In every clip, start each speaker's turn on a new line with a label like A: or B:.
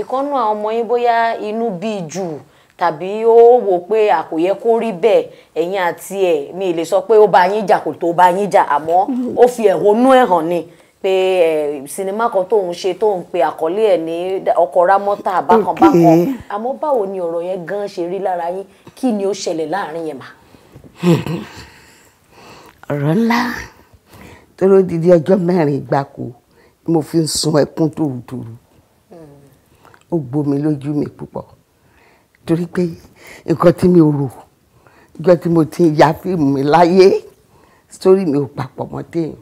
A: ìkọ́nú àwọn ọmọ yín bóyá inú bíi jù tàbí ó wò pé àkòyẹ kó rí bẹ́ẹ̀ ẹ̀yin àti ẹ̀ mi lè sọ pé ó bá yín jà kò tó bá yín jà àmọ́ ó fi ẹ̀hónú ẹ̀ hàn ni pé ẹ sinimá kan tóun ṣe tóun pe àkọlé ẹ ní ọkọ ramọta bákanbákan àmọ́ báwo ni ọ̀rọ̀ yẹn gan ṣe rí lára yín kí ni ó ṣẹlẹ̀ láàrin yẹn mà.
B: ọ̀rọ̀ ńlá tó ló di ọjọ́ mẹ́rin gbáko mo fi ń sun ẹkún tòrutòru ó gbomi lójú mi púpọ̀ torí pé nǹkan tí mi ò rò ìjọ tí mo ti ya fíìmù mi láyé sórí mi ò papọ̀ mọ́ téèyàn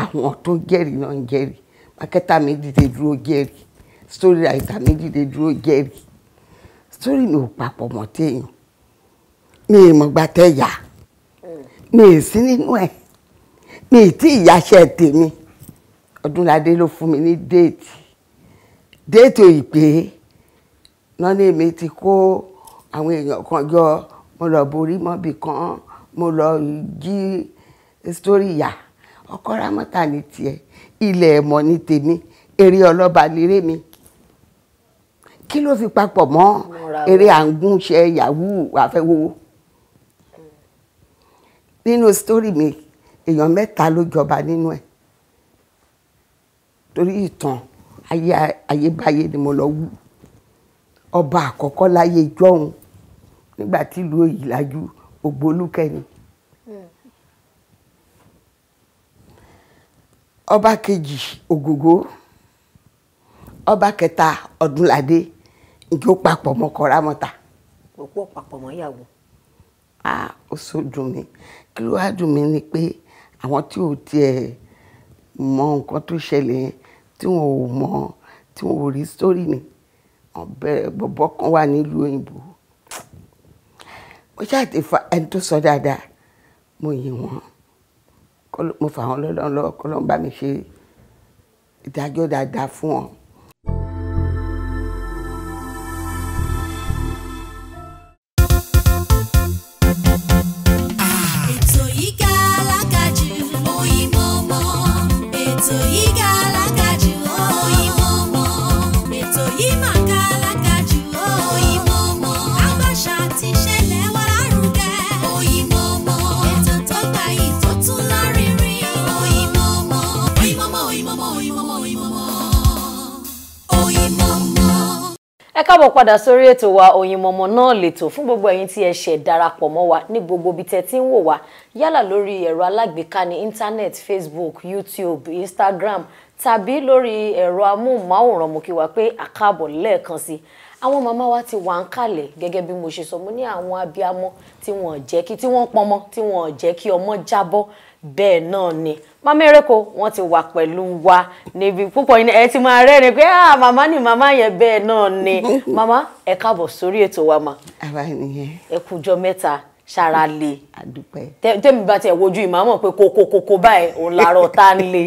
B: àwọn tó jẹ́rìí náà ń jẹ́rìí mákẹ́tà mi dìde dúró jẹ́rìí sórí àìsà mi dìde dúró jẹ́rìí sórí mi ò papọ̀ mọ́ téèyàn mi ì mọ̀gbà tẹ́ yà mi ì sí nínú ẹ̀ mi ì tí ìyáṣẹ́ tèmi Ọdúnládé ló fún mi ní déètì déètò ìpè lọ́nà èmi ti kó àwọn èèyàn kan jọ mo lọ borí mọ́bì kan mo lọ jí sítórí ìyá ọkọ rámọ́tà ní tiẹ̀ ilẹ̀ ẹ̀mọ́ ní tèmi eré ọlọ́ba lérè mi kí ló fi papọ̀ mọ́ eré àǹgúnṣe yahoo àfẹ́wọ́wọ́ nínú sítórí mi èèyàn mẹ́ta ló jọba nínú ẹ̀ torí ìtàn ayé ayébáyé ni mo lọ wù ọba àkọ́kọ́ láyé jọ́hun nígbà tí ìlú òyìnlájú ògbólúkẹ́ni ọba kejì ògògó ọba kẹta ọdúnládé nǹkan ó papọ̀ mọ́ kọ́ramọ́ta.
A: òpó papọ̀ mọ́ ìyàwó.
B: a ó so dùn mí kí ló wá dùn mí ni pé àwọn tí ò tiẹ̀ mọ nǹkan tó ṣẹlẹ̀ yẹn tí wọn ò mọ tí wọn ò rí sórí ni ọbẹ bọ̀bọ̀ kan wà nílùú òyìnbó mo ṣáàtì fa ẹni tó sọ dáadáa mo yìn wọn mo fà wọn lọ́lọ́run lọ́wọ́ kọ́ mi ṣe ìdájọ́ dáadáa fún wọn
A: káàbọ̀ padà sórí ètò wa Oyinmomo náà lètò fún gbogbo ẹ̀yin tí ẹ ṣẹ̀ darapọ̀ mọ́ wa ní gbogbo ibi tẹ́ ti ń wò wá yálà lórí ẹ̀rọ alágbèéká ní internet Facebook YouTube Instagram tàbí lórí ẹ̀rọ amóhùnmáwòrán mo kí wa pé àkàbọ̀ lẹ́ẹ̀kan sí i àwọn màmá wa ti wà ń kalẹ̀ gẹ́gẹ́ bí mo ṣe sọ mo ní àwọn abiyamọ tí wọ́n jẹ́ kí tí wọ́n pọnmọ́ tí wọ́n jẹ́ kí ọmọ jábọ́ bẹ́ẹ̀ náà ni mama ereko wọ́n ti wà pẹ̀lú wa níbi púpọ̀ yìí ẹ ti máa rẹ́rìn pé ah màmá ni màmá yẹn bẹ́ẹ̀ náà ni màmá ẹ káàbọ̀ sórí ètò wa mà ẹ kújọ́ mẹ́ta ṣara le tẹ́mi bá tiẹ̀ wojú ìmáàmọ̀ pé kókókókó báyìí òun làárọ̀ tá ń le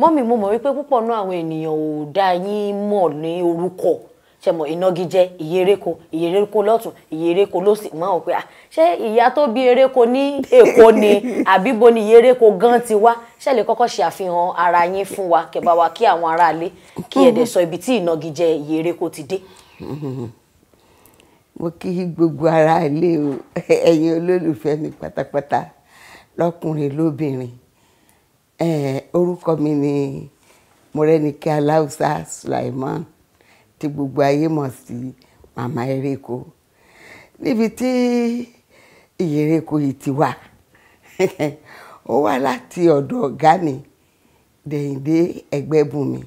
A: mọ́mì mo mọ̀ wípé púpọ̀ náà àwọn ènìyàn ò dá yín mọ̀ ní orúkọ ṣe mọ ìnagijẹ ìyè eréko ìyè eréko lọ́tún ìyè eréko lósì mọ àwọn pé à ah, ṣé ìyá tó bí eréko ní èkó ni àbíbo ni ìyè eréko gan ti wá ṣe lè kọ́kọ́ ṣe àfihàn ara yín fún wa kẹba wa kí àwọn aráalé kí ẹ dẹ sọ ibi tí ìnagijẹ ìyè eréko ti dé.
B: mo kí gbogbo aráalé o ẹ̀yin olólùfẹ́ mi pátápátá lọ́kùnrin lóbìnrin orúkọ mi ni Mọ́rẹ́nikẹ́ Aláùsá Sulaiman tí gbogbo ayé mọ̀ sí màmá eréko níbi tí ìyè eréko yìí ti wà ó wá láti ọ̀dọ̀ ọ̀gá mi dẹ̀yìndé ẹgbẹ́bùnmi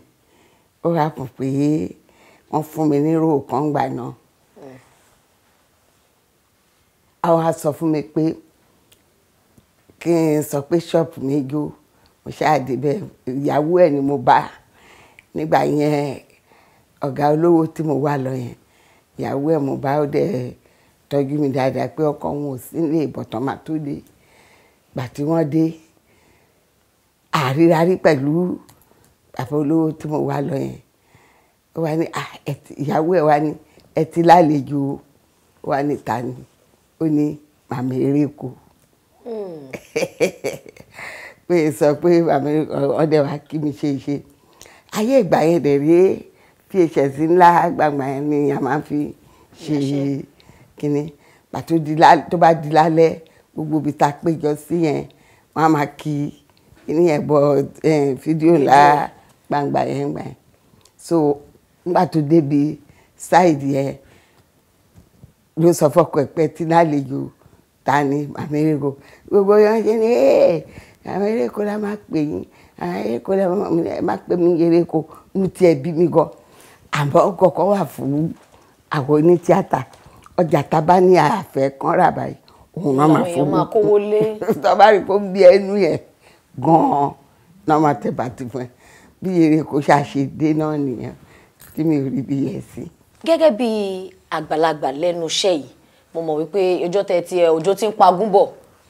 B: ó rà pọ̀ pé wọ́n fún mi ní róò kan gbà náà àwọn á sọ fún mi pé kí n sọ pé ṣọ́ọ̀pù mi mo ṣáà débẹ̀ ìyàwó ẹ̀ ni mo bá nígbà yẹn ọ̀gá olówó tí mo wà lọ yẹn ìyàwó ẹ̀ mo bá ó dẹ̀ tọ́jú mi dáadáa pé ọkọ wọn ò sí nílé ìbọ̀tán máa tó dé gbà tí wọ́n dé àrírarí pẹ̀lú bàbá olówó tí mo wà lọ yẹn ó wá ní ah, ìyàwó ẹ̀ wá ní ẹ ti lálejò ó wá ní ta ni ó ní màmí eré kù hmm. pé sọ pé màmí ọdẹ wa kí mi ṣe ṣe ayé ìgbà yẹn dẹ̀ rí phs ńlá gbàgbà ni a máa fi ṣe kínní pàtó tó bá di lálẹ́ gbogbo ibi tá a péjọ sí yẹn wọ́n á máa kí kínní yẹn bọ fídíò ńlá gbàgbà yẹn gbà yẹn so nígbà tó débi ṣáìdì yẹn ló sọ fọkọ ẹ pé tí náà ta ni àmẹ́ríkò gbogbo yẹn ṣe ni ẹ́ẹ̀ la máa pè yín àmẹ́ríkò la máa pè mí yẹrẹ́kò mú tiẹ̀ bí mi gan àmọ́ kọ̀ọ̀kan wà fún àwọn onítíátà ọjà tábà ní àfẹ́ kan rà báyìí òun náà máa fún mi tọ́ba rí kó gbé ẹnu yẹn gan-an náà máa tẹ̀ bàtì fún ẹ bí eré kò ṣàṣe dé náà nìyẹn tí mi ò rí bí yẹn sí.
A: gẹ́gẹ́ bí àgbàlagbà lẹ́nu iṣẹ́ yìí mo mọ̀ wípé ọjọ́ tẹ tiẹ̀ ọjọ́ tí ń pagún bọ̀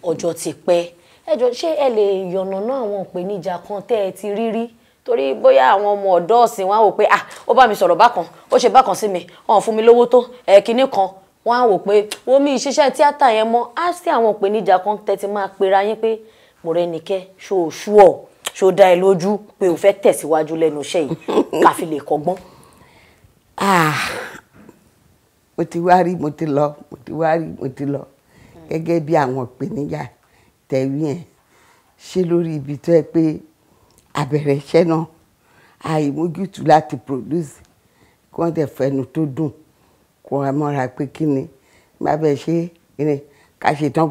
A: ọjọ́ ti pẹ́ ẹjọ́ ṣé ẹ lè yànnàná àwọn ìpèníjà kan tẹ́ ẹ ti rí rí torí bóyá àwọn ọmọ ọ̀dọ́ ọ̀sìn wọn á wò pé ah ó bá mi sọ̀rọ̀ bákan ó ṣe bákan sí mi wọn fún mi lówó tó ẹ̀ẹ́kínní kan wọn á wò pé wọ́n mi ìṣiṣẹ́ tíátà yẹn mọ́ á sí àwọn ìpèníjà kan tẹ́tí máa pera yín pé Mọ́rẹ́nikẹ́ ṣoṣù ọ̀ ṣó dá ẹ lójú pé o fẹ́ tẹ̀síwájú lẹ́nu iṣẹ́ yìí káfí lè kọ́gbọ́n.
B: Ah, mo ti wá rí mo ti lọ mo ti wá rí mo ti lọ hmm. gẹ́gẹ́ bí àwọn ìpèníjà tẹ̀wé yẹn ṣe lórí ibi tó yẹ pé àbẹ̀rẹ̀ iṣẹ́ náà àìmójútó láti produce kí wọ́n dẹ̀ fẹnu tó dùn kó ra mọ́ra pé kí ni má bẹ́ẹ̀ ṣe ni ká ṣe tán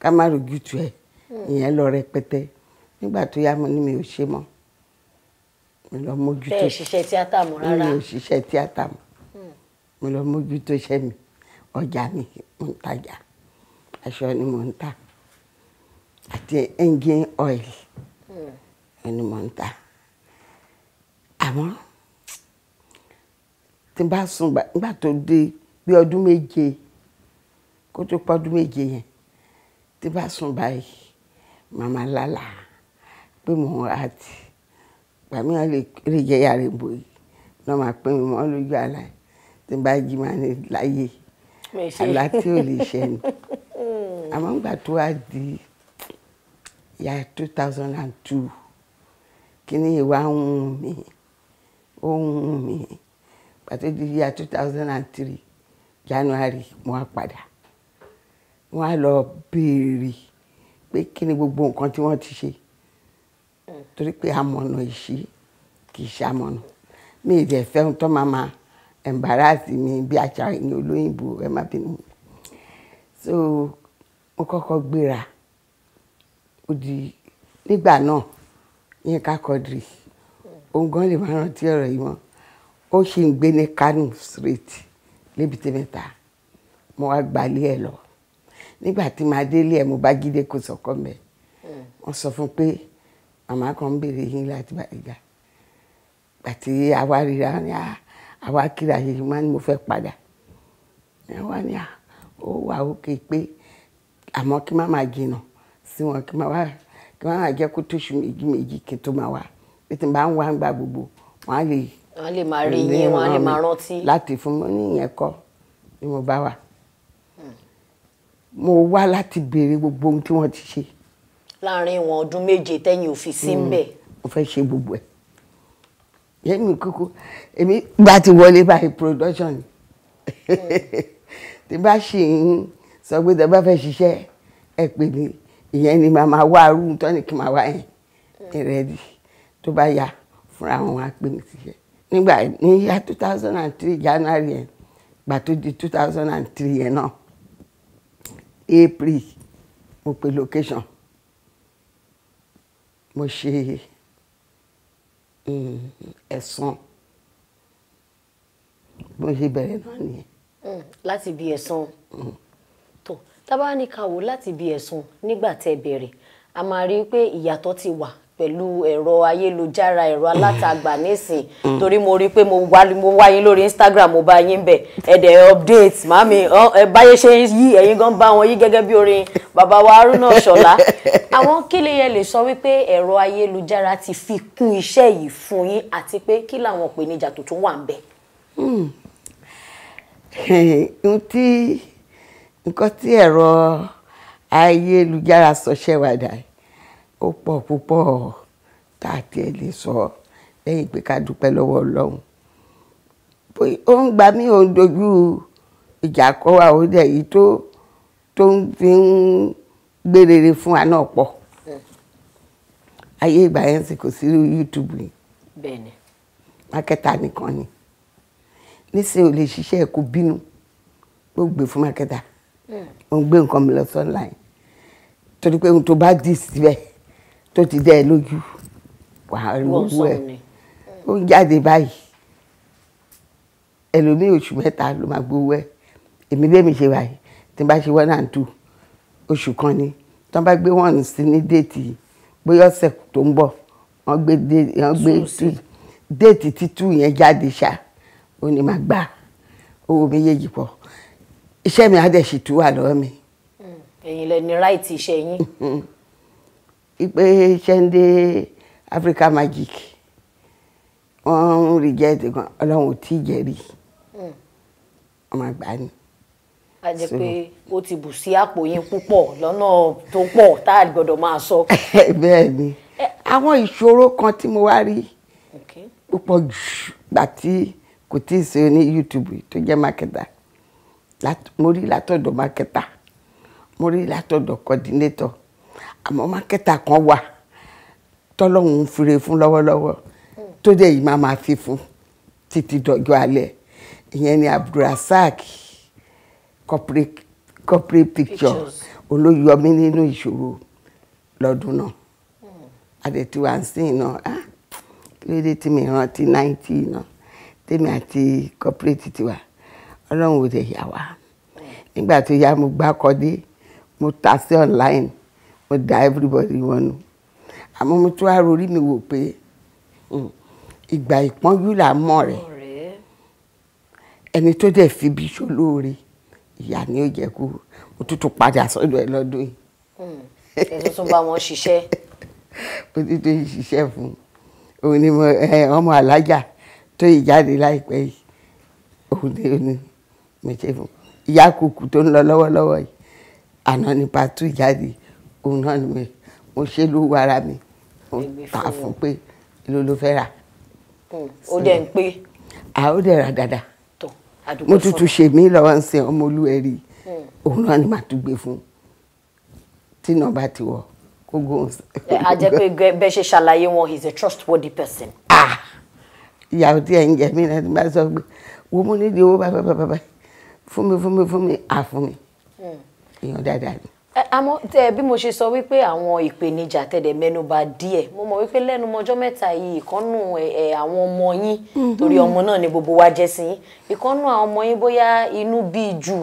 B: ká má rojútu ẹ̀ hmm. ìyẹn lọ rẹpẹtẹ nígbà tó yá mo ní mi ò ṣe mọ́ mi lọ mójútó bẹ́ẹ̀ ṣiṣẹ́
A: tíátà mọ́ rárá mi ò
B: ṣiṣẹ́ tíátà mọ́ hmm. mo lọ mójútó iṣẹ́ mi ọjà mi mo ń tajà aṣọ ni mo ń ta àti engine oil. Mm ni mò ń tà àmọ́ tí n bá sùn nígbà tó dé bí ọdún méje kó tó pọ̀ ọdún méje yẹn tí n bá sùn báyìí màmá lálà pé mò ń ra tì gbàmí wọn lè jẹ yàrá ìbò yìí náà máa pín mi mọ́ lójú àlá tí n bá jí máa ní láyé
A: àlá tí ò lè ṣẹ ni
B: àmọ́ nígbà tó wá di ya two thousand and two kíní ìwà ń hun mi ó ń hun mi pàtó di yíya two thousand and three January mo wá padà mo wá lọ béèrè pé kí ni gbogbo nǹkan tí wọ́n ti ṣe torí pé amọ̀nà ìṣí kì í ṣamọ̀nà mi ì dẹ̀ fẹ́ tó máa ma embarrass mi bí àṣà ìní olóyìnbó ẹ má bínú so mo kọ́kọ́ gbéra ó di nígbà náà Yínká Quadri òun gan lè má rántí ọ̀rọ̀ yìí mọ́ ó sì ń gbé ní Kano street lébìtẹ́ mẹ́ta mo wá gbalé ẹ̀ lọ nígbà tí màá délé ẹ̀ mo bá gídé kó sọ̀kọ́ mẹ́ wọ́n sọ fún pé màmá kan ń béèrè yín láti bàjá àti àwa ríra ni ah, àwa kíra yìí máa ń mo fẹ́ padà àwa ni ah, ó wà ókè pé àmọ́ kí má máa jìnnà sí wọn kí má wá kí wọ́n á jẹ́ kó tóṣù méjì méjì kí tó máa wá bí tí n bá ń wá ń gba gbogbo wọ́n á lè.
A: wọ́n lè máa rí yín wọ́n á lè máa rántí.
B: láti fún mi ní ìyẹn kọ́ ni mo bá wà. mo wá láti béèrè gbogbo ohun tí wọ́n ti ṣe.
A: láàárín wọn ọdún méje tẹ́yìn ò sí ń bẹ̀. Hmm,
B: mo fẹ́ ṣe gbogbo ẹ̀ yẹ́nì kúkú èmi bá ti wọlé báyìí production ni hmm. tí bá ṣì ń sọ pé tí a bá fẹ́ ṣiṣẹ́ ẹ pè mí ìyẹn ni màá máa wá arú tó ní kí màá wá yẹn ìrẹ́dì tó bá yá fúnra wọn á pè mí síṣẹ́ nígbà níyà two thousand and three january yẹn gbà tó di two thousand and three yẹn náà april mo pe location mo ṣe mm, ẹ̀sán mo ṣe bẹ̀rẹ̀ náà nìyẹn.
A: láti bí ẹ̀sán. Mm tábà ní ká wò láti ibi ẹ̀sùn nígbà tẹ́ bẹ̀rẹ̀ a máa rí i pé ìyàtọ̀ ti wà pẹ̀lú ẹ̀rọ ayélujára ẹ̀rọ alátagbà nísìn mm. torí mo rí i pé mo wá yín lórí Instagram mo bá yín bẹ̀ ẹ̀dẹ̀ update màmí ẹ báyé ṣe yí ẹ̀yin gan bá wọn yí gẹ́gẹ́ bí orin bàbá wa Haruna Ṣọlá àwọn kílẹ̀ yẹn lè sọ wípé ẹ̀rọ ayélujára ti fi kún iṣẹ́ yìí fún yín àti pé kí làwọn ìpèníjà tó wà ń bẹ̀.
B: ohun hmm. tí nǹkan tí ẹ̀rọ ayélujára sọ ṣẹ́wàdà ó pọ̀ púpọ̀ tá a tiẹ̀ lè sọ lẹ́yìn pé ká dúpẹ́ lọ́wọ́ ọlọ́run ó ń gba mí ò ń dojú ìjà kọ́ wa ó dẹ̀ yìí tó tó ń fi ń gbèrèrè fún wa náà pọ̀ ayé ìgbà yẹn sì kò sí YouTube ni bẹ́ẹ̀ni mákẹ́tà nìkan ni nísìnyí ò lè ṣiṣẹ́ kó bínú ó gbé fún mákẹ́tà ò ń gbé nǹkan mi lọ online torí pé ohun tó bá dì síbẹ̀ tó ti dẹ́ ẹ lójú wà á rí owó ẹ̀ ó ń jáde báyìí ẹlòmíì oṣù mẹ́ta ló máa gbowó ẹ̀ èmi bẹ́ẹ̀ mi ṣe báyìí tí n bá ṣe one and two oṣù kan ni tí wọ́n bá gbé one sí ní déètì bóyá ọ̀sẹ̀ tó ń bọ̀ wọ́n gbé déètì títú yẹn jáde ṣá ó ní máa gbà owó méjèèjì pọ̀ iṣẹ́ mi á dẹ̀ sì tú wà lọ́wọ́ mi.
A: Hmm, ẹ̀yin lẹni ráìtì iṣẹ́ yín.
B: ipe ṣẹ́ndé Africa Magic wọ́n ń rí jẹ́ẹ̀tì kan ọlọ́run ò tí ì jẹ́rìí hmm. ọmọ àgbà ni.
A: a jẹ pé ó ti bù sí àpò yín púpọ̀ lọ́nà tó pọ̀ tá a gbọ́dọ̀ máa sọ.
B: bẹ́ẹ̀ ni eh. àwọn ìṣòro kan tí mo wá rí púpọ̀ jù gbà tí kò tí ì sí ní YouTube tó jẹ́ marketer mo rí látọ̀dọ̀ mákẹ́tà mo rí látọ̀dọ̀ kọ́dínétọ̀ àmọ́ mákẹ́tà kan wà tọ́lọ́hún ń fure fún lọ́wọ́lọ́wọ́ tó dẹ̀ yìí máa máa fi fún títí dọjọ́ alẹ́ ìyẹn ni abdulrasaq corporate picture olóyọmí nínú ìṣòro lọ́dún náà adẹ̀tiwansin náà lóde tí mi rántí náìtì náà tèmi àti corporate tiwa ọlọ́run ò lè yà wá nígbà tó yá mo gbá kọ́dé mo ta sí online mo da everybody wọnú àmọ́ mo tún wá rorí mi wò pé hmm, ìgbà ìpọ́njú là mọ̀ rẹ̀ ẹni tó dẹ̀ fi bí ṣolóore ìyá ni ó jẹ́ kú mo tún tún padà sọ́dọ̀ ẹ lọ́dún yìí.
A: Hmm, ẹ tuntun bá wọn ṣiṣẹ́.
B: mo ti tún ṣiṣẹ́ fún òun ni ọmọ alájà tó yìí jáde láìpẹ́ yìí òun ni òun ni mi ṣe fún ìyá kùkù tó ń lọ lọ́wọ́lọ́wọ́ yìí àná ni pàtó ìjáde òun náà ni mo ṣe lówó ara mi mo tà fún pé ìlú ló fẹ́ rà. ó dẹ̀ ń pé. à ó dẹ̀ rà dáadáa mo tutù ṣe mí lọ́wọ́ ń sin ọmọ olúwẹ̀rí hmm. òun náà ni màá tún gbé fún tí náà bá ti wọ̀ kó gòun. a jẹ́ pé
A: bẹ́ẹ̀ ṣe ṣàlàyé wọn he is a trustworthy person. Ah!
B: ìyàwó tí ẹ̀ ń jẹ mí náà ti máa sọ pé wo mo nídìí owó bàbá bàbá báyìí fún mi fún mi fún mi à fún mi hmm. èèyàn dáadáa ni.
A: àmọ́ tẹ bí mo ṣe sọ wípé àwọn ìpèníjà tẹ̀dẹ̀ mẹ́nuba díẹ̀ mo mọ̀ wípé lẹ́nu ọjọ́ mẹ́ta yìí ìkọ́nù ẹ̀ àwọn ọmọ yín hmm. torí ọmọ náà ni gbogbo wa jẹ́ sí yín ìkọ́nù àwọn ọmọ yín bóyá inú bíi jù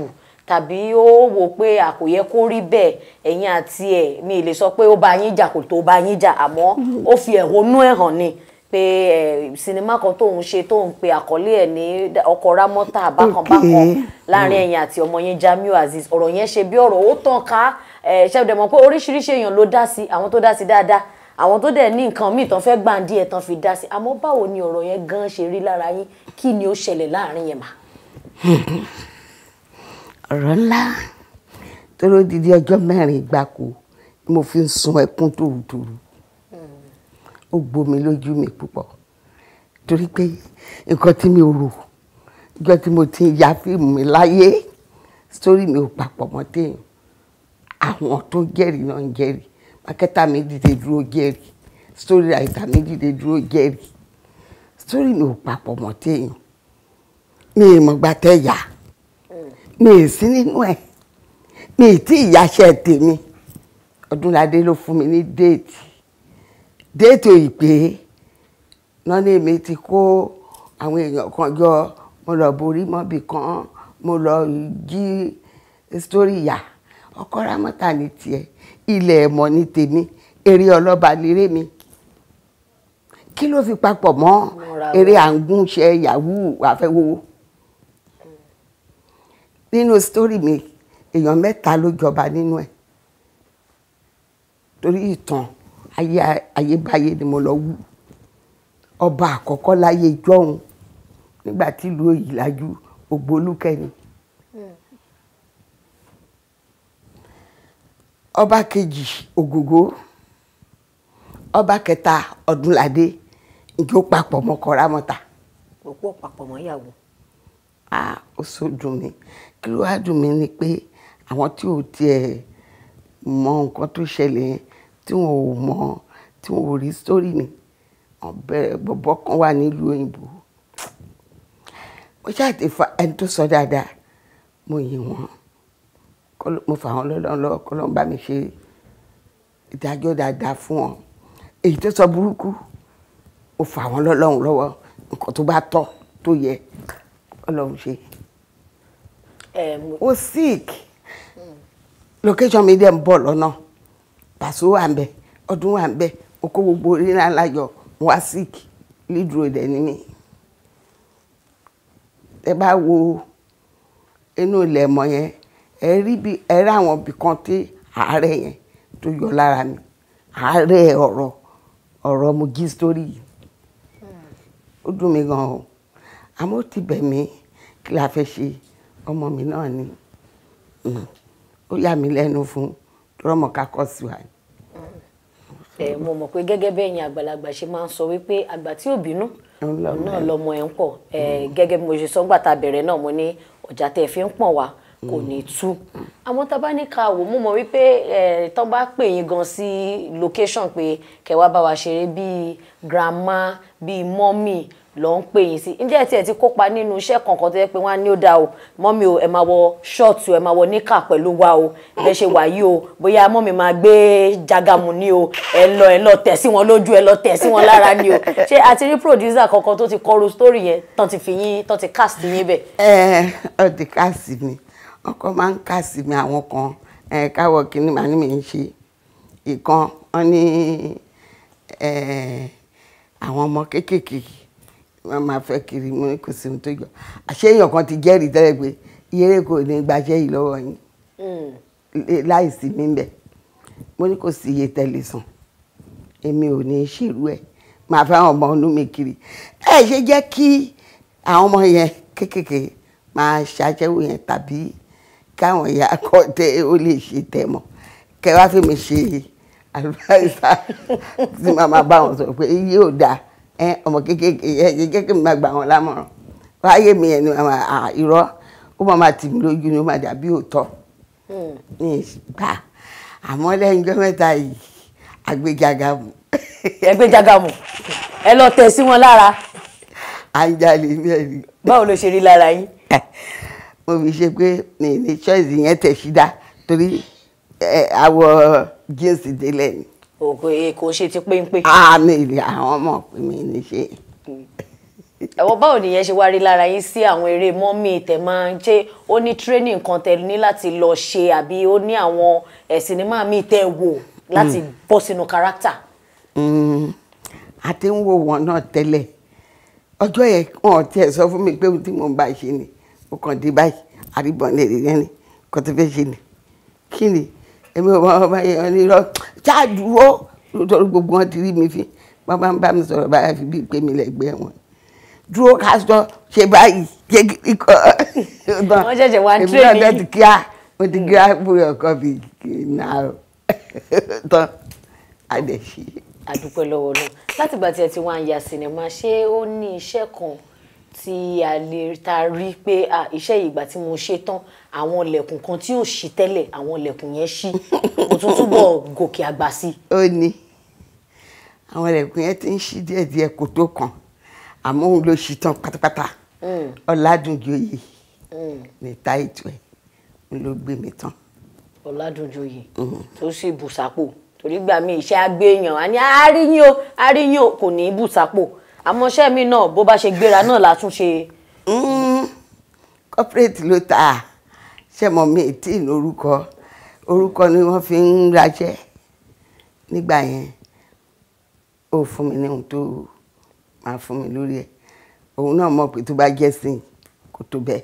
A: tàbí ó wò pé àkòyẹ kó rí bẹ́ẹ̀ ẹ̀yin àti ẹ̀ mi lè sọ pé ó bá yín jà kò tó bá yín jà àmọ́ ó fi ẹ̀hónú ẹ̀ hàn ni pé sinimá kan tóun ṣe tóun pe àkọlé ẹ̀ ní ọkọ̀ rámọ́tà bákanbákan mm. láàrin ẹ̀yìn àti ọmọ yẹn Jamiu Azeez ọ̀rọ̀ yẹn ṣe bí ọ̀rọ̀ ó tàn ká ṣẹ́fẹ̀dẹ̀ mọ̀ pé oríṣiríṣi èèyàn ló dá sí àwọn tó dá sí dáadáa àwọn tó dẹ̀ ní nǹkan míì tán fẹ́ gbàǹdí ẹ̀ tán fi dá sí àmọ́ báwo ni ọ̀rọ̀ yẹn gan ṣe rí lára yín kí ni ó ṣẹlẹ̀ láàrin yẹn mà.
B: ọ̀rọ̀ ńlá tó ló di ọjọ́ mẹ́rin gbáko mo fi ń sun ẹkún tòrutòru ó gbomi lójú mi púpọ̀ torí pé nǹkan tí mi ò rò ìjọ tí mo ti ya fíìmù mi láyé sórí mi ò papọ̀ mọ́ téèyàn àwọn tó jẹ́rìí náà ń jẹ́rìí mákẹ́tà mi dìde dúró jẹ́rìí sórí àìsà mi dìde dúró jẹ́rìí sórí mi ò papọ̀ mọ́ téèyàn mi ì mọ̀gbà tẹ́ yà mi ì sí nínú ẹ̀ mi ì tí ìyáṣẹ́ tèmi Ọdúnládé ló fún mi ní déètì déètò ìpè lọ́nà èmi ti kó àwọn èèyàn kan jọ mo lọ borí mọ́bì kan mo lọ jí sítórí ìyá ọkọ ramọ́ta ní tiẹ̀ ilẹ̀ ẹ̀mọ́ ní tèmi eré ọlọ́ba lérè mi kí ló fi papọ̀ mọ́ eré àǹgúnṣe yahoo àfẹ́wọ́wọ́ nínú sítórí mi èèyàn mẹ́ta ló jọba nínú ẹ̀ torí ìtàn ayé ayébáyé ni mo lọ wù ọba àkọ́kọ́ láyé jọ́hun nígbà tí ìlú òyìnlájú ògbólúkẹ́ni ọba kejì ògògó ọba kẹta ọdúnládé nǹkan ó papọ̀ mọ́ kọ́ramọ́ta. òpó papọ̀ mọ́ ìyàwó. a ó so dùn mí kí ló wá dùn mí ni pé àwọn tí ò tiẹ̀ mọ nǹkan tó ṣẹlẹ̀ yẹn tí wọn ò mọ tí wọn ò rí sórí ni ọbẹ bọ̀bọ̀ kan wà nílùú òyìnbó mo ṣáàtì fa ẹni tó sọ dáadáa mo yìn wọn mo fà wọn lọ́lọ́run lọ́wọ́ kọ́ ló ń bá mi ṣe ìdájọ́ dáadáa fún wọn èyí tó sọ burúkú mo fà wọn lọ́lọ́run lọ́wọ́ nǹkan tó bá tọ́ tó yẹ ọlọ́run ṣe. ó sick location mi dẹ̀ ń bọ̀ lọ́nà pàṣẹ wà ń bẹ ọdún wà ń bẹ okó gbogbo orí ńlá ńlá yọ mo wá sick lídùúró dẹ ní mi ẹ bá wo inú ilẹ̀ mọ́ yẹn ẹ rí bí ẹ rí àwọn ibì kan tí àárẹ̀ yẹn tó yọ lára mi àárẹ̀ ọ̀rọ̀ ọ̀rọ̀ mo jí sítórí yìí ó dùn mí gan o àmọ́ ti bẹ̀ mí kí la fẹ́ ṣe ọmọ mi náà ni hmm. ó yà mí lẹ́nu fún tọrọmọ kakọ sí wa ni
A: ẹ mo mọ̀ pé gẹ́gẹ́ bẹ́ẹ̀ yẹn àgbàlagbà ṣe máa ń sọ wípé àgbà tí ò bínú náà lọmọ ẹ̀ ń pọ̀ gẹ́gẹ́ bí mo ṣe sọ ńgbà tá a bẹ̀rẹ̀ náà mo ní ọ̀jà tẹ̀ fi ń pọ̀n wá kò ní tú àmọ́ tá a bá ní ká wò mo mọ̀ wípé tán bá pè yín gan sí location pé kẹ́ wá bá wa ṣeré bíi grandma bíi mommy lọ ń pè yín sí ǹjẹ́ ẹ̀ tí ẹ̀ ti kópa nínú iṣẹ́ kankan tó yẹ pé wọ́n á ní ó dáa o mọ́mí o ẹ̀ máa wọ ṣọ́ọ̀tù ẹ̀ máa wọ níkà pẹ̀lú wa o bẹ́ ṣe wà yìí o bóyá mọ́mí máa gbé jagamu ní o ẹ̀ lọ ẹ̀ lọ tẹ̀ sí wọn lójú ẹ̀ lọ tẹ̀ sí wọn lára ní o ṣé àti rí producer kankan tó ti kọrú story yẹn tán ti fi yín tán ti cast yín bẹ̀.
B: ẹ ẹ ọ ti cast mi ọkọ máa ń cast mi àwọn kan ẹ káwọ kíní màá ní mi ń ṣe ìkan wọn ní àwọn ọmọ kéékèèké wọ́n máa fẹ́ kiri mo ní kò sí ohun tó jọ àṣé èèyàn kan ti jẹ́rìí tẹ́lẹ̀ pé ìyẹ́rẹ́ kò ní gbaṣẹ́ yìí lọ́wọ́ yín hmm. láì sí mi bẹ̀ mo ní kò sí iye tẹ́lẹ̀ sàn èmi ò ní ṣèrú ẹ̀ máa fẹ́ àwọn ọmọ inú mi kiri ẹ ṣe jẹ́ kí àwọn ọmọ yẹn kéékèèké máa ṣàṣẹ́wó yẹn tàbí káwọn ìyá kọ́ tẹ ó lè ṣe tẹ̀ mọ́ kẹ fi mi ṣe àlùbáyé sá tí màmá bá wọn sọ pé yóò dáa ẹ ọmọ kéékèèké ẹ jẹ́ kí n máa gbà wọ́n lámọ̀ràn wáyé mi ẹ̀ ni àwọn irọ́ ó máa máa tì mí lójú ni ó máa dàbí òótọ́ ní hmm. ìgbà àmọ́ lẹ́yìn ọjọ́ mẹ́ta yìí àgbéjaga mu. ẹgbẹ́jaga mu ẹ lọ tẹ̀ sí wọn lára. à ń jalè mẹ́rin. báwo ló ṣe rí lára yín. mo fi ṣe pé ní ní ṣọ́ọ̀sì yẹn tẹ̀ sí dá torí àwọ̀ jíǹsì délẹ̀ ni òkò èkó ṣe ti péńpé. àmì ah, àwọn ọmọ pé mi ní ṣe.
A: ẹ̀wọ̀n báwo nìyẹn ṣe wá rí lára yín sí àwọn eré mọ́mì tẹ̀ máa ń ṣe ó ní training kan tẹ̀ ní láti lọ ṣe àbí ó ní àwọn eh, sinimá mi tẹ̀ wò láti hmm. bọ́ sínú kárátà.
B: Hmm. a ti ń wo wọn náà tẹ́lẹ̀ ọjọ́ yẹn wọn ò tiẹ̀ sọ fún mi pé tí mo bá ṣe ni mo kàn dé báyìí àríbọ̀n lè rí rẹ́rìn kọ́tẹ́fẹ́ ṣe ni kí ni èmi ò mọ ọba yẹn onírọ́ ṣáàdúró lótọ́rọ́ gbogbo wọn ti rí mi fi wọn bá ń bá mi sọ̀rọ̀ báyà fi bí pé mi lẹ́gbẹ̀ẹ́ wọn dúró kásọ ṣe báyìí ṣe ikọ̀ wọ́n ṣẹ̀ṣẹ̀ wá tírèmi èmi náà ti kíá mo ti kíá bóyá ọkọ mi náà tán àdẹ̀ṣe.
A: àdúpẹ́ lọ́wọ́ náà látìgbà tí ẹ ti wá ń ya sinimá ṣé ó ní iṣẹ́ kan tí a lè ta rí pé iṣẹ́ ìgbà tí mo ṣe tán àwọn ilẹ̀kùn kan tí ò ṣí tẹ́lẹ̀ àwọn ilẹ̀kùn yẹn ṣí kò tún túbọ̀ gòkè àgbà sí. ó ní
B: àwọn ilẹ̀kùn yẹn ti ń ṣí díẹ̀díẹ̀ kó tó kan àmọ́ òun ló ṣí tán pátápátá hmm. ọ̀làdúnjoyè hmm. ní táìtù ẹ̀ ń ló gbé mi tán.
A: ọ̀làdúnjoyè hmm. tó sì bùsàpò torí gbà mí iṣẹ́ agbéyàn á ní àárín o àárín o kò ní bùsàpò àmọ́ iṣẹ́ mi náà bó bá ṣe gbéra náà látúnṣe.
B: corporate ló ta ṣẹ̀mọ̀ mi tí ní orúkọ ni wọ́n fi ń raṣẹ́ nígbà yẹn ó fún mi ní ohun tó máa fún mi lórí ẹ̀ òun náà mọ̀ pé tó bá jẹ́ sí kò tó bẹ́ẹ̀.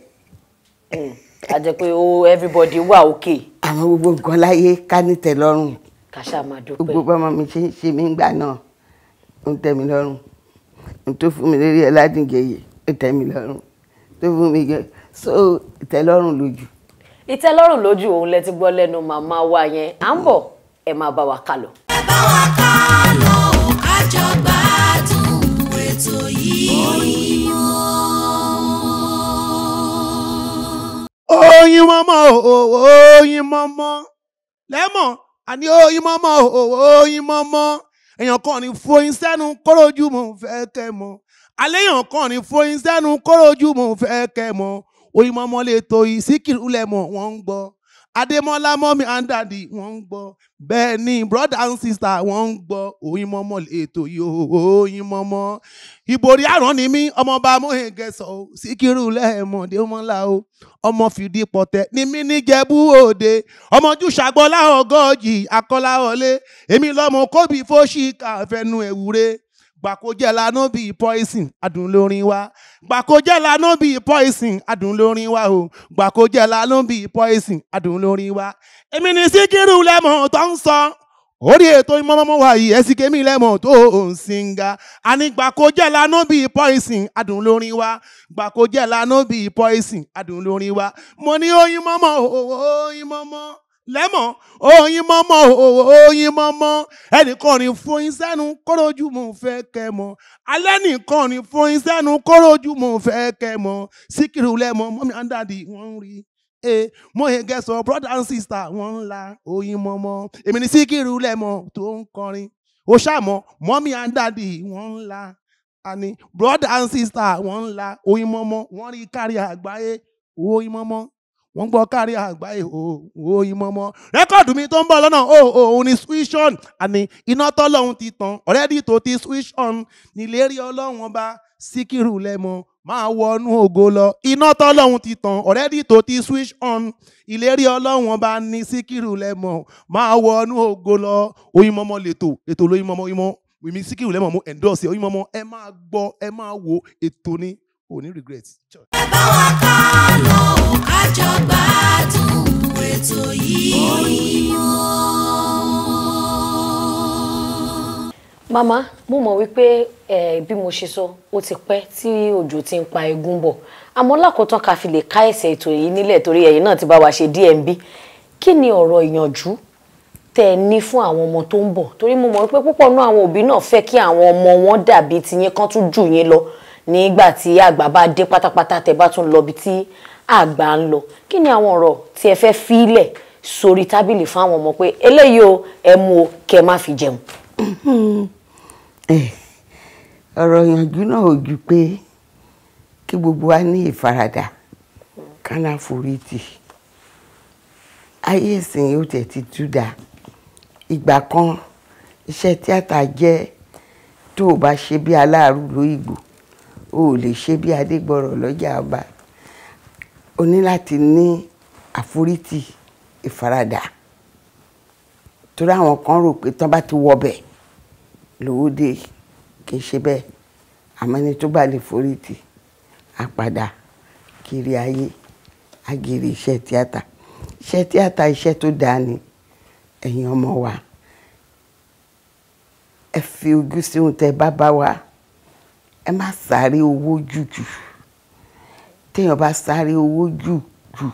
A: Hmm. a jẹ́ pé ó everybody wà òkè.
B: àwọn gbogbo nǹkan láyé ká ní tẹ́lọ́rùn.
A: kàṣà máa dúpẹ́. gbogbo ọmọ
B: mi ṣe ń ṣe mí ńgbà náà ń tẹ́ mi ń tó fún mi lórí ẹ̀ ládùn gèyè ń tẹ́ mi tó fún mi gẹ́ so ìtẹ́lọ́rùn lójú
A: ìtẹ́lọ́rùn lójú òun lẹ ti gbọ́ lẹ́nu màmá wa yẹn à ń bọ̀ ẹ máa bá wa ká lọ. ẹ bá wa ká lọ ká jọ gbádùn ètò yìí.
C: oyin mọmọ oyin mọmọ lẹmọ àní oyin mọmọ oyin mọmọ èèyàn kan ní foyin sẹ́nu kóró ojú mò ń fẹ́ kẹ́ mọ́ àléèyàn kan ní foyin sẹ́nu kóró ojú mò ń fẹ́ oyinmọmọ lè to yìí síkìrì ulẹmọ wọ́n ń gbọ́ adémọ́lá mọ́mí and dadi wọ́n ń gbọ́ bẹ́ẹ̀ ni brother and sister wọ́n ń gbọ́ oyinmọmọ lè to yìí oyinmọmọ ìbòrí àrán ni mí ọmọọba mọhẹgẹsọ síkìrì ulẹmọ démọ́lá o ọmọ fìdí pọ̀tẹ́ ni mí ní jẹ̀bú òde ọmọjú ṣàgbọ́lá ọgọ́jì akọ́láwọlé èmi lọ́mọ kóbi fóṣì káfẹ́nu ẹ̀wúrẹ́ gbàkójẹ́ lanú bí poison adùn lórin wa gbàkójẹ́ lanú bí poison adùn lórin wa o gbàkójẹ́ lanú bí poison adùn lórin wa. èmi ni síkírù lẹ́mọ̀ tó ń sọ orí ètò ìmọ̀mọ́mọ́ wa yìí ẹ̀sìn kémi lẹ́mọ̀ tó ń singa àní gbàkójẹ́ lanú bí poison adùn lórin wa gbàkójẹ́ lanú bí poison adùn lórin wa mo ní oyin mọ́mọ́ oyin mọ́mọ́ lẹ́mọ̀ oyin mọ́mọ́ oyin mọ́mọ́ ẹnìkan ní foyin sẹ́nu kórojú mò ń fẹ́ kẹ́ mọ́ alẹ́ nìkan ní foyin sẹ́nu kórojú mò ń fẹ́ kẹ́ mọ́ síkìrù lẹ́mọ́ mọ́mí àǹdàdì wọ́n ń rí e mo gẹ̀ẹ́sọ̀ brother and sister wọ́n ń la oyin mọ́mọ́ èmi ní síkìrù lẹ́mọ́ tó ń kọrin ó ṣàmọ́ mọ́mí àǹdàdì wọ́n ń la àní brother and sister wọ́n ń la oyin mọ́mọ́ wọ́n rí kárí àgbáyé oyin mọ́mọ́ wọ́n gbọ́ kárí àgbáyé òwò ìmọ̀mọ́ rẹ́kọ̀dù mi tó ń bọ̀ lọ́nà ó òun ni switch on àní iná tọ́lọ́hun ti tàn ọ̀rẹ́dì tó ti switch on nílérí ọlọ́run ọba síkírù lẹ́mọ máa wọnú ògo lọ iná tọ́lọ́hun ti tàn ọ̀rẹ́dì tó ti switch on ìlérí ọlọ́run ọba ní síkírù lẹ́mọ máa wọnú ògo lọ oyinmọ́mọ́ lètò ètò lóyinmọ́mọ́ oyinmọ́ wìmí síkírù lẹ́mọ̀ mú endorse oyinmọ́mọ́ ẹ máa gbọ́ ẹ máa wo ètò ni ò ní regret. ẹ bá wa ká lọ ká jọ gbádùn ètò
A: yìí. màmá mo mọ̀ wípé bí mo ṣe sọ ó ti pẹ́ tí òjò ti ń pa egun bọ̀ àmọ́ lákòótán ká fi lè ká ẹ̀sẹ̀ ètò yìí nílẹ̀ torí ẹ̀yin náà ti bá wa ṣe dmb kí ni ọ̀rọ̀ ìyànjú tẹ ẹ ní fún àwọn ọmọ tó ń bọ̀ torí mo mọ̀ pé púpọ̀ náà àwọn òbí náà fẹ́ kí àwọn ọmọ wọn dàbí tiyín kan tún jù yín lọ nígbà tí àgbà bá dé pátápátá tẹ bá tún lọ bí tí àgbà ń lọ kí ni àwọn ọ̀rọ̀ tí ẹ fẹ́ fílẹ̀ sórí tábìlì fáwọn ọmọ pé eléyìí o ẹ mú o kẹ má fi jẹun.
B: Eh, ọ̀rọ̀ ìyànjú náà ò ju pé kí gbogbo wa ní ìfaradà kánà forítì ayé ìsìn yóò tẹ̀ ti tú da ìgbà kan iṣẹ́ tíátà jẹ́ tó o bá ṣe bí aláàrú lóyìnbó o ò lè ṣe bí adégbọrọ lọ́jà ọba o ní láti ní àforítì ìfaradà torí àwọn kan rò pé tán bá ti wọbẹ̀ lówó dé kì í ṣe bẹ́ẹ̀ àmọ́ ẹni tó bá lè forítì àpàdà kiri ayé agiri iṣẹ́ tíátà iṣẹ́ tíátà iṣẹ́ tó dáa ni ẹ̀yin ọmọ wa ẹ fi ojú sí ohun tẹ́ bá bá wa ẹ má sáré owó jù jù téèyàn bá sáré owó jù jù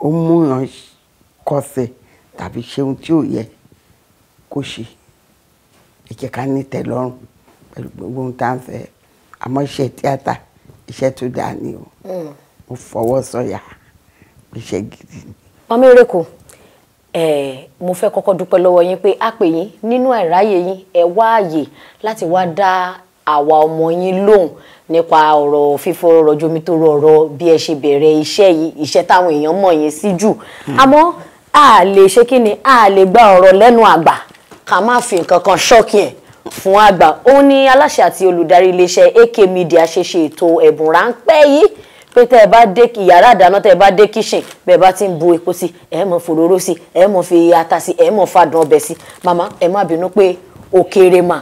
B: ó múyàn kọsẹ̀ tàbí ṣe ohun tí ò yẹ kó ṣe ẹ ká ní tẹ́lọ́rùn pẹ̀lú gbogbo ohun tá à ń fẹ́ àmọ́ iṣẹ́ tíátà iṣẹ́ tó dáa ni o hmm. mo fọwọ́ sọ̀yà iṣẹ́ gidi ni.
A: mami reko mo fẹ́ kọ́kọ́ dúpẹ́ lọ́wọ́ yín pé a pè yín nínú àìráyè yín ẹ wá àyè láti wá dá àwa ọmọ yín lóhùn nípa ọ̀rọ̀ fífọ̀rọ̀jomi tó rọ̀rọ̀ bí ẹ ṣe bẹ̀rẹ̀ iṣẹ́ yìí iṣẹ́ táwọn èèyàn mọ̀ yín sí jù hmm. àmọ́ a lè ṣe kí ni a lè gba ọ̀rọ̀ lẹ́nu àgbà ká má fi nǹkan kan ṣọ́ọ̀kì ẹ̀ fún àgbà ó ní aláṣẹ àti olùdarí iléeṣẹ́ AK Media ṣe ṣe ètò ẹ̀bùn ráńpẹ́ yìí pé tẹ́ ẹ bá dé yàrá ìdáná tẹ́ ẹ bá dé kíṣìn bẹ́ ẹ bá ti ń bu epo sí ẹ mọ̀ fòróró sí ẹ mọ̀ fi ata sí ẹ mọ̀ fàdùn ọbẹ̀ sí màmá ẹ má bínú pé òkèèrè mà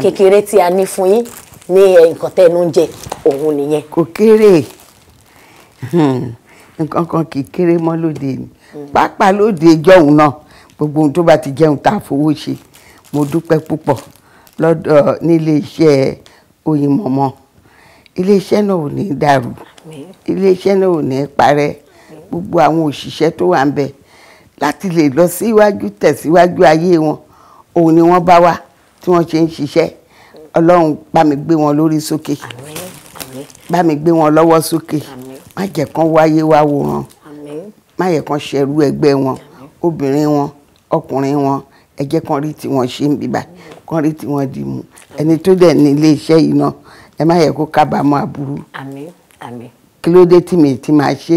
A: kékeré tí a ní fún yín ní nǹkan tẹ́ ẹnu ń jẹ òun
B: nìyẹn. kò kéré hmm. nǹkan kan kì í kéré mọ́ lóde mi hmm. pàápàá lóde ìjọhún náà gbogbo ohun tó bá ti jẹun tá a fowó ṣe mo dúpẹ́ púpọ̀ lọ́dọ̀ níléeṣẹ́ Oyinmomo iléeṣẹ́ náà ò ní dàrú iléeṣẹ́ náà ò ní parẹ́ gbogbo àwọn òṣìṣẹ́ tó wà ń bẹ̀ láti lè lọ síwájú tẹ̀síwájú ayé wọn òun ni wọ́n bá wà tí wọ́n ṣe ń ṣiṣẹ́ ọlọ́run bá mi gbé wọn lórí sókè bá mi gbé wọn lọ́wọ́ sókè má jẹ́ kán wáyé wá wòran má yẹ kán ṣẹrú ẹgbẹ́ wọn obìnrin wọn ọkùnrin wọn ẹ jẹ́ kán rí tiwọn ṣe ń bíbá kán rí tiwọn dì mú ẹni tó dẹ̀ ní ilé iṣẹ́ yìí náà ẹ má yẹ kó kábàámọ̀ aburú kí ló dé tí mi ti máa ṣe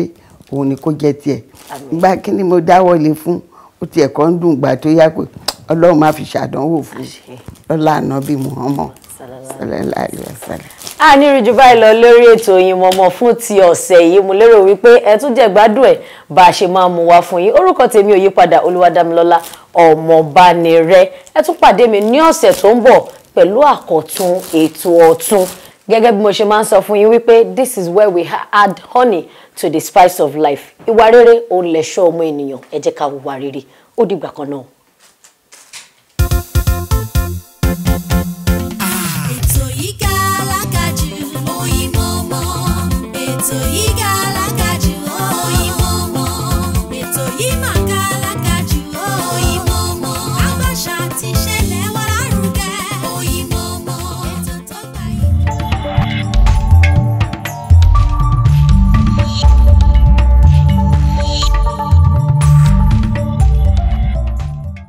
B: òun ni kó jẹ́ tiẹ̀ nígbà kí ni mo dáwọ́ lé fún ó tiẹ̀ kàn ń dùn gbà tó yá pé ọlọ́run má fi ṣàdánwò fún un lọ́lá ànábì Muhammad sallallahu alaihi wasallam.
A: a ní rí jù báyìí lọ lórí ètò Oyinmomo fún ti ọ̀sẹ̀ yìí mo lérò wípé ẹ tún jẹ́ gbádùn ẹ̀ bá a ṣe máa mú wá fún yín orúkọ tèmi ò yípadà Olúwadámilọ́lá Ọmọbanirẹ ẹ tún pàdé mi ní ọ̀sẹ̀ tó ń bọ̀ pẹ̀lú àkọ́tún ètò ọ̀tún gẹ́gẹ́ bí mo ṣe máa ń sọ fún yín wípé this is where we add honey to the spice of life ìwà rere òun lẹ̀ṣọ́ ọmọ ènìyàn ẹ jẹ́ ká wà rere ó dìgbà kan náà.